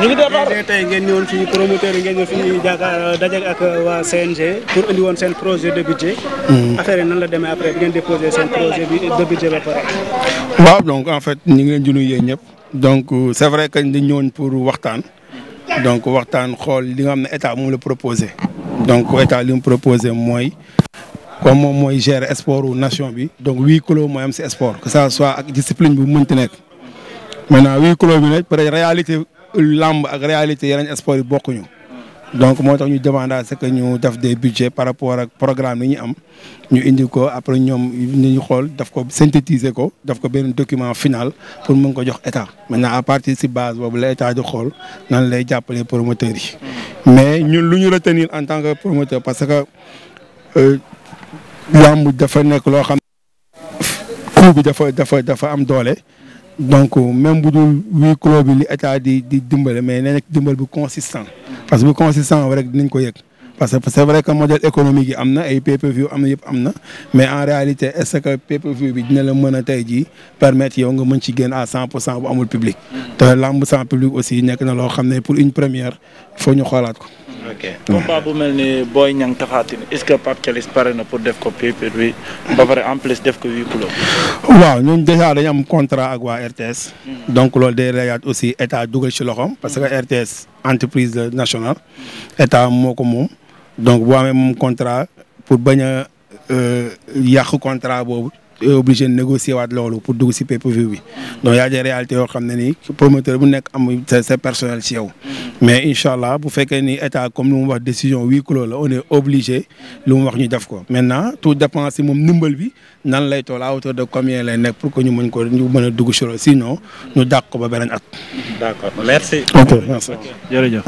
ñu ngi départ tey ngeen ñëwoon fii promoteur yi ngeen ñëw fii jaakaar euh, daje ak euh, waa CNG pour indi woon seen projet de budget. Hmm. affaire nan la demee après ngeen déposé seen projet de budget ba pare. waaw donc en fait ñu ngi leen di ñëpp donc euh, c'est vrai que dañ ñëwoon pour waxtaan donc waxtaan xool li nga xam ne état moom la proposé donc état li mu proposé mooy. comme moom mooy gérer sport wu nation bi donc huis clos mooy am si sport que ça soit ak discipline bu mënti nekk maintenant huis clos bi làmb ak réalité yeneen sport yi bokkuñu. donc moo tax ñu demandé à ce que ñu def des budgets par rapport ak programme yi ñu am ñu indi ko après ñoom ñu xool daf ko synthétiser ko daf ko benn document final pour mën ko jox état maintenant à partir si base boobu la état di xool nan lay jàppale promoteurs yi. mais ñu lu ñu retenir en tant que promoteur parce que euh, làmb dafa nekk loo xam. coût bi dafa dafa dafa am doole. donc même bu dul huis clos bi li état di di dimbale mais nee nekk dimbal bu consistant parce que bu consistant rek dinañ ko yëg parce que c'est vrai que modèle économique yi am na ay PPV am na yëpp am na mais en réalité est-ce que PPV bi dina la mën a tey jii permettre yow nga mën ci génn a cent pour cent bu amul public. te lamb sans public aussi nekk na loo xam ne pour une première foo ñu xoolaat ko. ok combat bu mel ni Boy Niang Tapha Tine est-ce que Pape lis pare na pour def ko PPV ba pare en plus def ko huis clos. waaw ñun déjà dañu am contrat ak waa RTS. Hmm. donc loolu day reyaat aussi état dugal ci loxoom. parce que hmm. RTS entreprise nationale. état moo ko moom. donc boo moom contrat pour bañ a euh, contrat boobu obligé négocier waat loolu pour dugg si PPV bi donc y a des yoo xam ne nii promoteur bu nekk am sa personnel si yow. mais incha allah bu fekkee ni état comme lu mu wax décision huis clos la on est obligé lu mu wax ñu def ko maintenant tout dépend si moom ndimbal bi nan lay toll à hauteur de combien lay nekk pour que ñu mën ko ñu mën a dugg si sinon ñu dàq ko ba beneen at. d'accord merci. ok merci